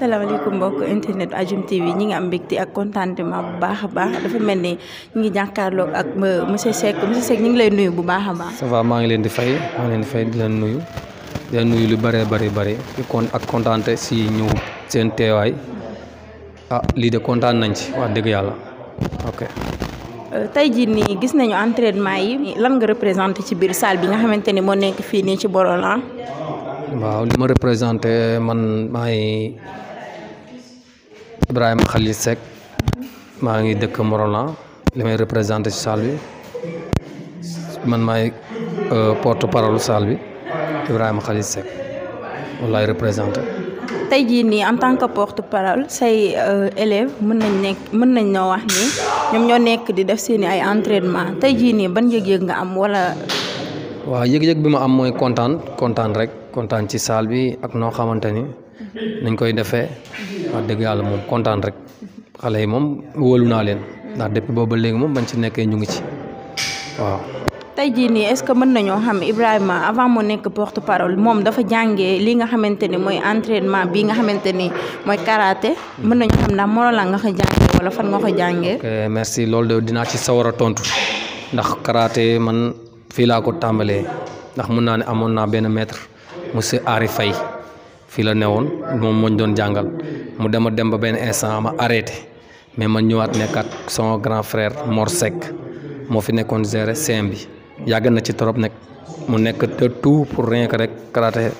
salaamaaleykum bokk internet Ajum TV ñi nga am bekti ak contentement bu baax baax dafa melni ñi ñu ngi jàkkaarloog ak monsieur Seck monsieur Seck ñi ngi lay nuyu bu baax baax. ça va ma ngi leen di fay ma ngi leen di fay di leen nuyu di leen nuyu lu bare bare bëri kon ak kontaante si ñëw seen teewaay ah li de kontaan nañ ci wax deug yalla ok. Euh, tay ji ni gis nañu entraînement yi lan nga représenter ci bir salle bi nga xamanteni mo moo nekk fii nii ci Borolan. Ah? waaw li ma représenté man maay Ibrahim Khalil Sek ma ngi dekk Morolan limay may ci salle bi man maay euh, porte parole salle bi Ibrahim Khalil Sek wallahi représenter tay ji ni en tant que porte parole say euh, élèves mën nañ nek mën nañ ñoo wax ni ñom ñoo nek di def seen ay entraînement tay ji ni ban yeg yeg nga am wala. wa yeg yeg bima am moy contente contente rek contente ci salle bi ak no xamanteni nañ koy defé waa dëgg yàlla moom kontaan rek xale yi moom wóolu naa leen ndax depuis booba léegi moom bañ ci nekkee ñu ngi ci waaw. tey jii nii est-ce que mën nañoo xam Ibrahima avant moo nekk porte parole moom dafa jànge lii nga xamante ni mooy entraînement bi nga xamante ni mooy karaté. mën nañoo xam ndax Mont Rolland nga ko jàngee wala fan nga ko jàngee. merci loolu de dinaa ci sawar a tontu ndax karaté man fii laa ko tàmbalee ndax mun naa ne amoon naa benn maître monsieur Ari fi la newon mom moñ doon jangal mu dem dem ba ben instant ma arrêté mais ma ñëwaat sama grand frère Mor Seck fi nekkon géré CM bi yag na ci trop nek mu nekk te tout pour rien que rek karaté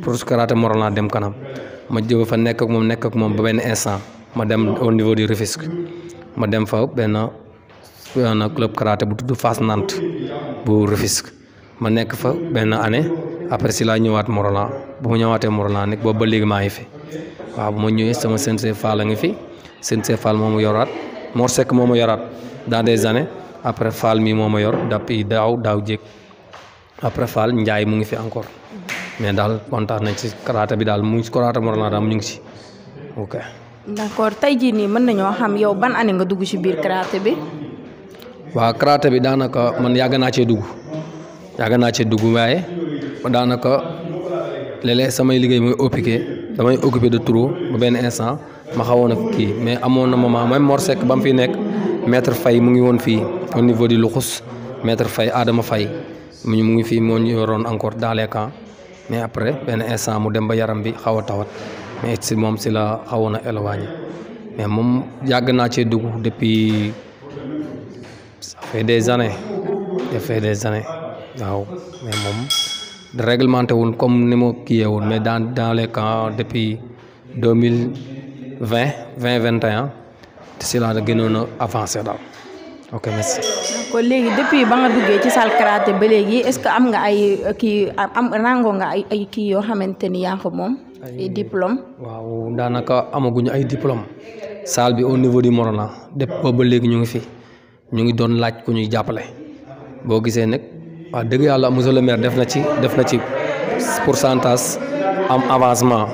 pour karaté moral naa dem kanam ma jëw fa nekk ak mom nekk ak mom ba ben instant ma dem au niveau du refisque ma dem fa ben club karaté bu tuddu fast nante bu refisque ma nekk fa ben année après si laa ñëwaat morona bu mu ñëwaaté morona nek bo ba léegi maa ngi fi wa bu mu ñëwé sama sensei Fall nga ngi fi sensei Fall momu yorat Mor sek momu yorat dans des années après Fall mi momu yor dapi daw daw jek après Fall njaay mu ngi fi encore mais dal kontaan nañ ci karata bi dal mu ngi karaata Morolan daal ñu ngi si ok. d'accord tay ji ni mën nañu xam yow ban année nga dugg ci biir karata bi. wa karata bi danaka man yag na ci dugg yag na ci dugg waye daanaka léeg-léeg samay liggéey mooy occupé damay occupé de trop ba benn instant ma xawoon ak kii mais amoon na moment même Mor Seck ba mu fi nekk maître fay mu ngi woon fii au niveau du Luxus maître fay aadama fay mu ngi fii moo ñu yoroon encore dans les camps mais après benn instant mu dem ba yaram bi xaw a tawat mais si moom si la xawoon a éloigné mais moom yàgg naa cee dugg depuis ça des années ça fait des années waaw mais moom. réglementé wul comme ni mu kii woon mais dans dans les camps depuis deux mille vingt vingt vingt et un si laa gënoon a avancé daal ok merci. kon léegi depuis ba nga duggee ci salle karaté ba léegi est-ce que am nga ay euh, kii am rango nga ay ay kii yoo xamante ni yaa moom. ay diplôme waaw daanaka amaguñu ay diplôme salle bi au niveau du Morona def ba ba léegi ñu ngi fi ñu ngi doon laaj ku ñuy jàppale boo gisee nag. waa dëgg yàlla monsieur maire def na ci def na ci pourcentage am avancement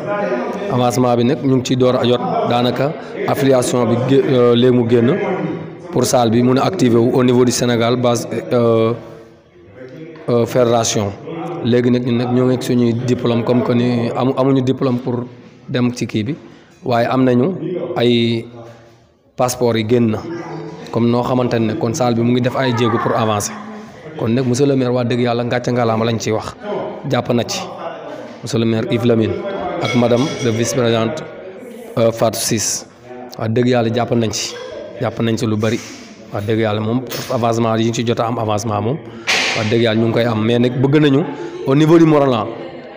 avancement bi nag ñu ngi ciy door a jot daanaka affiliation bi euh, léegi mu génn pour salle bi mun a activer wu au niveau du Sénégal base euh, euh, fédération léegi nag ñun nag ñoo ngi suñuy diplôme comme que ni amu amuñu diplôme pour dem ci kii bi waaye am nañu ay passeport yi génn na comme noo xamante ne kon salle bi mu ngi def ay jéego pour avancer. kon nag monsieur le maire waa dëgg yàlla ngàcce ngalaama lañ ciy wax jàpp na ci monsieur le maire Yves Lamine ak madame de vice présidente euh, Fatou Ciss wax dëgg yàlla jàpp nañ ci jàpp nañ ci lu bari wax dëgg yàlla moom avancement yi ñu ci jot a am avancement moom wax dëgg yàlla ñu ngi koy am mais nag bëgg nañu au niveau du Morolan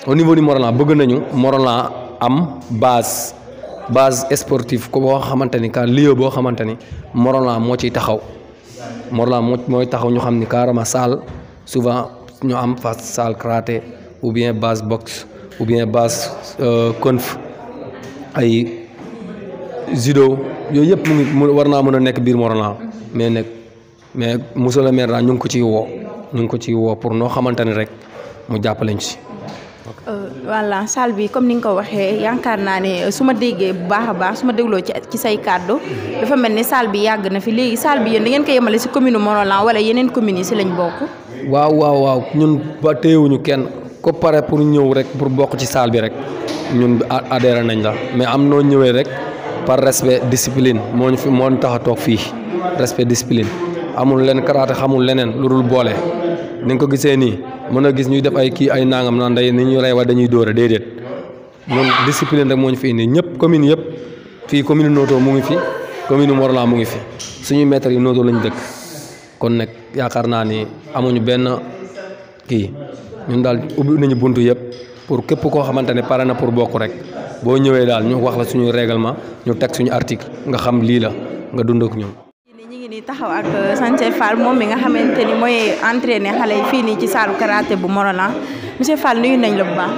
au niveau du Morolan bëgg nañu Morolan am base base sportive ko boo xamante ni ka lieu boo xamante ni Morolan moo ciy taxaw Morla mooy taxaw ñu xam ni carrément salle souvent ñu am fa salle karaté ou bien base boxe ou bien base euh, conf ay judo yooyu yëpp mu ngi war naa mën a nekk biir Morla mais nag mais monsieur le maire daal ñu ngi ko ciy woo ñu ngi ko ciy woo pour noo xamante ne rek mu jàppaleñ ci euh, voilà salbi comme ni nga ko waxee yaakaar naa ne su ma baax ci ci say cadeau dafa melni ni yag bi na fi legi salbi bi da ngeen ko yemalé ci commune monolan wala yenen commune ci lañ bokku waaw waaw waaw ñun ba téyewuñu kenn ko paré pour ñëw rek pour bokk ci salbi rek ñun adhéré nañ la mais am no ñëwee rek par respect discipline moñ fi moo taxa tok fi respect discipline amul len xamul mën a gis ñuy def ay kii ay nangam naan ndey ni ñu rey wala dañuy dóore déedéet noonu discipline rek moo ñu fi indi ñëpp commune yëpp fii commune Noto mu ngi fi commune Morlan mu ngi fi suñuy maîtres yi Noto lañ dëkk kon nag yaakaar naa ni amuñu benn kii ñun daal ubbi nañu bunt yëpp pour képp koo xamante ne pare na pour bokk rek boo ñëwee daal ñu wax la suñu réglement ñu teg suñu article nga xam lii la nga dund ak ñoom ngi nii taxaw ak euh, Santhie Fall moom mi nga xamante ni mooy entraîné xale yi fii nii ci saalu karaté bu Morolan monsieur Fall nuyu nañ la bu baax.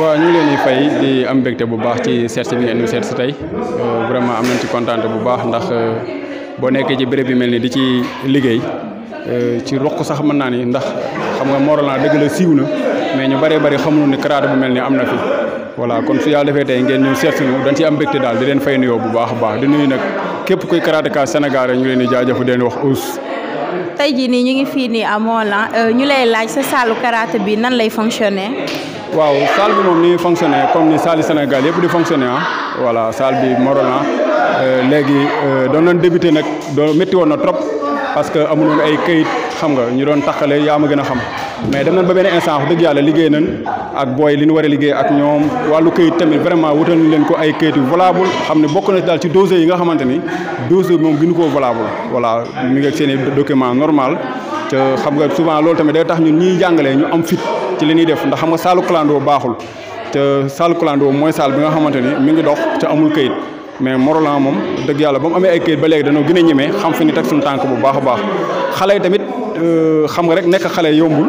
waaw ñu leen di fay di am mbégte bu baax ci seet si bi ngeen ñu seet si tey euh, vraiment am nañ ci kontaan bu baax ndax euh, boo nekkee ci béréb bi mel ni di ci liggéey ci roq sax mën naa ni ndax xam nga Morolan dëgg la siiw na mais ñu bëree bëri xamuñu ni am na fi. voilà kon su yàlla defee tey ngeen ñu seet si dañ ci am mbégte daal di leen fay nuyoo bu baax a baax di nuyu nag. képp kuy karateka Sénégal rek ñu leen di jaajëfu den wax us tey jii nii ñu ngi fii nii amoon mont euh, ñu lay laaj sa saalu karaté bi nan lay fonctionner. waaw salle bi moom ni fonctionner comme ni salle Sénégal yëpp di fonctionner ah voilà salle bi Mont-Lan euh, léegi euh, doon nañ débuté nag doo métti woon na trop parce que amuloon ay kayit. xam nga ñu doon taxale yaa ma gën a xam mais dem nañ ba benn instant wax dëgg yàlla liggéey nañ ak booy li ñu war liggéey ak ñoom wàllu këyit tamit vraiment wutal leen ko ay këyit yu valable xam ne bokk na daal ci dossier yi nga xamante ni dossier bi moom gënu koo valable voilà mi ngi ak seen i document normal te xam nga souvent loolu tamit day tax ñun ñiy jàngalee ñu am fit ci li ñuy def ndax xam nga saalu clando baaxul te saalu clando mooy saal bi nga xamante ni mi ngi dox te amul këyit mais Morolan moom dëgg yàlla ba mu amee ay léegi dañoo gën a ñemee xam fi ni teg suñu tànk bu baax a baax Euh, xam nga rek nekk xale yombul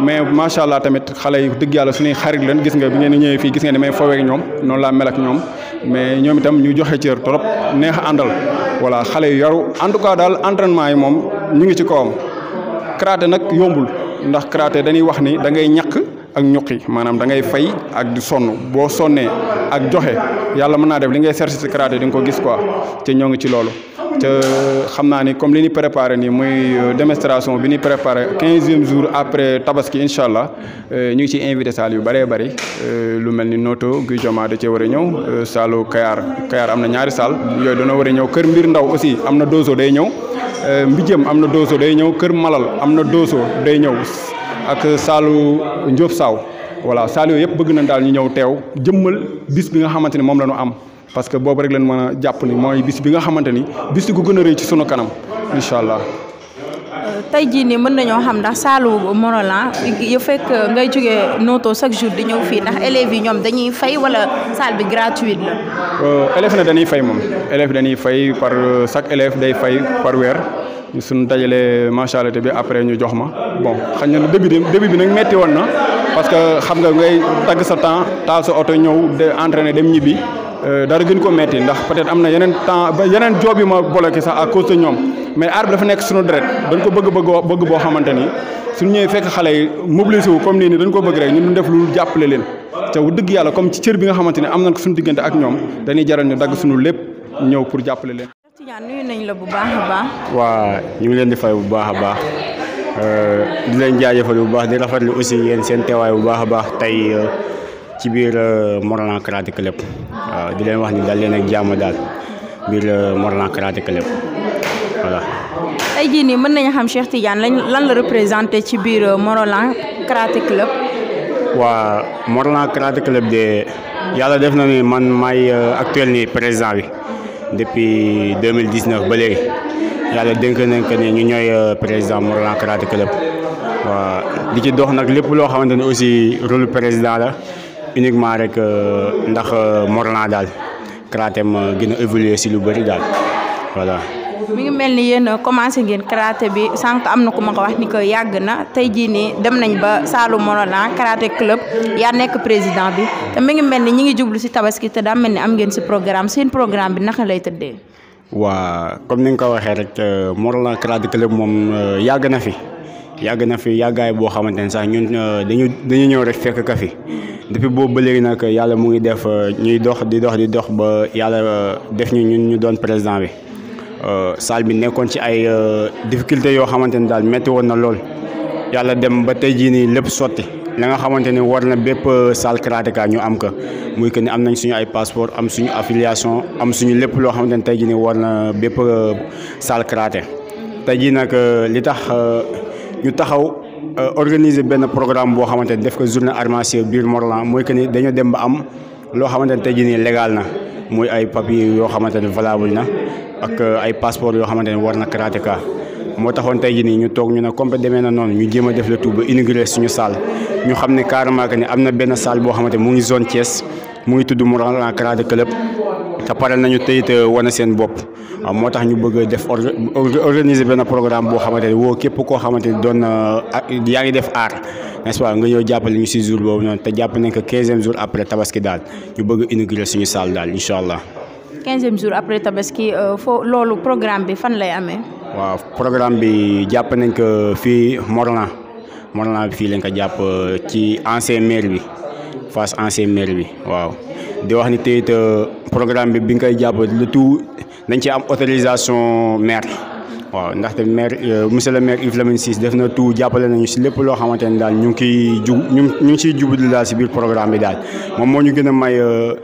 mais macha allah tamit xale yi dëgg yàlla suñuy xarit leen gis nga bi ngeen ñëwee fii gis nga ni may fowee ak ñoom noonu laa mel ñoom mais ñoom itam ñu joxe cër trop neex a àndal voilà xale yu yaru en tout cas daal entraînement yi moom ñu ngi ci kawam karaté nag yombul ndax karaté dañuy wax ni da ngay ñàkk ak ñuqi maanaam da ngay fay ak di sonn boo sonnee ak joxe yàlla mën naa def li ngay certificat di nga ko gis quoi te ñoo ngi ci loolu te xam naa ni comme li ñu préparé nii muy euh, démonstration bi ñu préparé quinzième jours après tabaski incha allah euh, ñu ngi ciy invité salle yu bëree bëri euh, lu mel ni Noto Guy Joma da cee war a ñëw saalu Kayar Kayar am na ñaari salle yooyu dana war a ñëw Kër Mbir Ndaw aussi am na doso day ñëw Mbijëm am na doso day ñëw Kër Malal am na doso day ñëw ak saalu Ndiop Saw voilà saal yëpp bëgg nañ daal ñu ñëw teew jëmmal bis bi nga xamante ni moom la am parce que boobu rek leen mën a mooy bis bi nga xamante ni bis gu gën a rëy ci sunu allah. tey jii nii mën nañoo xam ndax saalu Morolan yu fekk ngay jógee Noto chaque jour di ñëw fii ndax yi ñoom dañuy fay wala salle bi gratuite la. Euh, élèves na dañuy fay moom élèves dañuy fay par euh, chaque élève day fay par weer suñu dajalee mensualité bi après ñu jox ma bon xañ na début bi bi nag metti woon na. parce que xam nga ngay dagg sa temps taal sa oto ñëw de entraîner dem ñibbi euh, dara gën ko metti ndax peut-être am na yeneen temps ba yeneen job yi ma bloqué sax à cause ñoom mais arbitre dafa nekk suñu deret dañ ko bëgg bëgg boo xamante ni suñu ñëwee fekk xale yi mobilisé wu comme nii ni dañ ko bëgg rek ñu def lu jàppale leen te wu dëgg yàlla comme ci cër bi nga xamante ne am nañ ko suñu diggante ak ñoom dañuy jaral ñu dagg suñu lépp ñëw pour jàppale leen. nuyu nañ la bu baax a waa ñu ngi leen di fay a baax. Euh, di leen jaajëfal bu baax di rafetlu aussi yéen seen teewaay bu baax a baax tey euh, ci biir euh, Morlan Karaté Club waaw di leen wax ni daal leen ak jàmm daal biir Morlan Karaté Club voilà. tey jii nii mën nañu xam Cheikh Tidiane lan la représenté ci biir Morlan Karaté Club. waa Morlan Karaté Club de yàlla def na ni man maay actuel ni président bi depuis 2019 ba léegi. yàlla dénk nañ que ni ñu ñooy euh, président Morolan Karaté Club waaw di ci dox nag lépp loo xamante ne aussi rôle président la uniquement rek euh, ndax euh, Morolan daal karatéem gën a évoluer si lu bëri daal voilà. mu ngi mel ni yéen commencé ngeen karaté bi sànq am na ku ma ko wax ni ko yàgg na tey jii nii dem nañ ba Saalum Morolan karaté club yaa nekk président bi te mi ngi mel ni ñi ngi jublu si tabaski te daa mel ni am ngeen si programme sin programme bi naka lay tëddee. waa comme ni nga ko waxee rek euh, Morolan Karaté Club moom euh, yàgg na fi yàgg na fi yàggaay boo xamante ne sax ñun euh, dañu dañu ñëw rek fekk ka fi depuis boobu ba léegi nag yàlla mu ngi def ñuy dox di dox di dox ba yàlla def ñu ñun ñu doon président bi salle bi nekkoon ci ay difficultés yoo xamante ne daal metti woon na lool yàlla dem ba tey jii nii lépp sotti. la nga xamante ne war na bépp euh, salle karateka ñu am ko muy que ni am nañ suñu ay passeport am suñu affiliation am suñu lépp loo xamante ne tey jii ni war na bépp euh, salle karaté tey jii nag euh, li tax ñu taxaw organiser benn programme boo xamante ne def ko journée arts martiaux biir Mont-Rolland mooy que ni dañoo dem ba am loo xamante ne tey nii légal na muy ay papier yoo xamante ne valable na ak ay passeport yoo xamante ne war na karateka moo taxoon tey jii nii ñu toog ñu ne comme demee na noonu ñu jéem a def le tout ba inauguré suñu salle ñu xam ne carrément ne am na benn salle boo xamante mu ngi zone Thiès mu ngi tudd Mourala Kara de Club te pare nañu tey euh, wane seen bopp moo tax ñu bëgg def organiser benn programme boo xamante ne woo képp koo xamante ne doon ah, yaa ngi def aar nest nga ñëw jàppale ñu si jour boobu noonu te jàpp nañ que quinzième jour après tabaski daal ñu bëgg inauguré suñu salle daal incha allah. waaw programme bi jàpp nañ ko fii Morlan Morlan bi fii lañ ko jàpp euh, ci ancien maire bi face ancien maire bi waaw di wax ni teyit euh, programme bi bi nga koy jàpp lu tout dañ am autorisation maire waaw ndaxte maire euh, monsieur le maire Yves Lamine Ciss def na tout jàppale nañu si lépp loo xamante ne daal ñu ngi ciy jub ñu ñu ngi ciy jublu daal si biir programme bi daal moom moo ñu gën a may euh,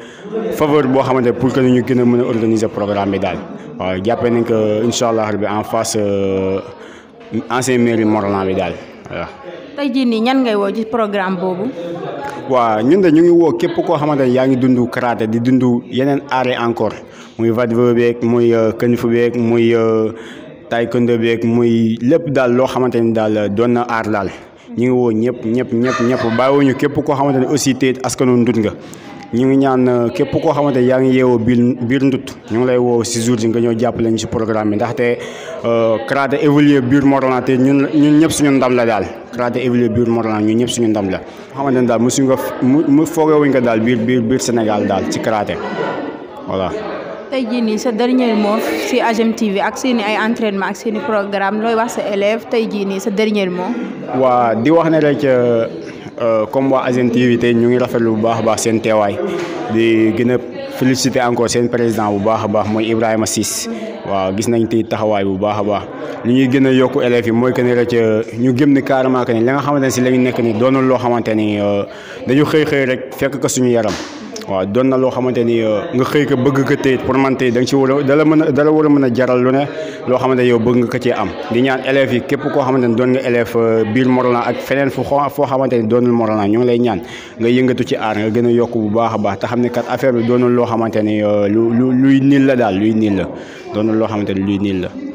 faveur boo xamante pour que ñu gën a a organiser programme bi daal waaw jàppee nañ que incha allah rabbi en face euh, ancien maire Morolan bi daal waaw. tey jii nii ñan ngay woo ci programme boobu. waaw ñun de ñu ngi woo képp koo xamante ne yaa karaté di dundu yenen aare encore muy vadeveu beeg muy kënifu muy. taekwondo beeg muy lépp daal loo xamante ni daal doon na aar daal ñu ngi woo ñëpp ñëpp ñëpp ñëpp bàyyiwuñu képp koo xamante ne aussi téyit askanu ndut nga ñu ngi ñaan euh, képp koo xamante ne yaa ngi yeewoo biir biir ndut ñu ngi lay woo si jour yi nga ñëw jàppale ñu si programme bi ndaxte euh, Karaté évoluer biir Morolan te ñun ñun ñëpp suñu ndam la daal Karaté évoluer biir Morolan ñun ñëpp suñu ndam la xamante ne daal mosuñu ko mu foogewuñ ko daal biir biir biir Sénégal daal ci Karaté voilà tey jii nii sa dernier mot si agent TV ak seeni ay entraînement ak seeni programme looy wax sa élève tey jii nii sa dernier moom waa di wax ne rek euh, euh, comme waa AGM TV tey ñu ngi rafet lu baax a baax seen teewaay di gën a féliciter encore seen président bu baax baax mooy Ibrahima Ciss waaw gis nañ tey taxawaay bu baax a baax li ñuy gën a yokku élèves yi mooy que ne rek euh, ñu gëm ni carrément que ni nga xamante ne si la nekk nii doonul loo xamante ni dañu xëy xëy rek fekk ko suñu yaram. waaw doon na loo xamante ni euh, nga xëy ko bëgg ko téye pour man téye da ci war a mën a dala war mën a jaral lu ne loo xamante yow bëgg nga ko cee am di ñaan élèves yi képp koo xamante ne doon nga élève euh, biir Morolan ak feneen fu foo xamante ni doonul Morolan ñu ngi lay ñaan nga yëngatu ci aar nga gën a yokk bu baax a baax te xam ne kat affaire bi doonul loo xamante ni euh, lu lu luy niil la daal luy nii la doon loo xamante ni luy nii la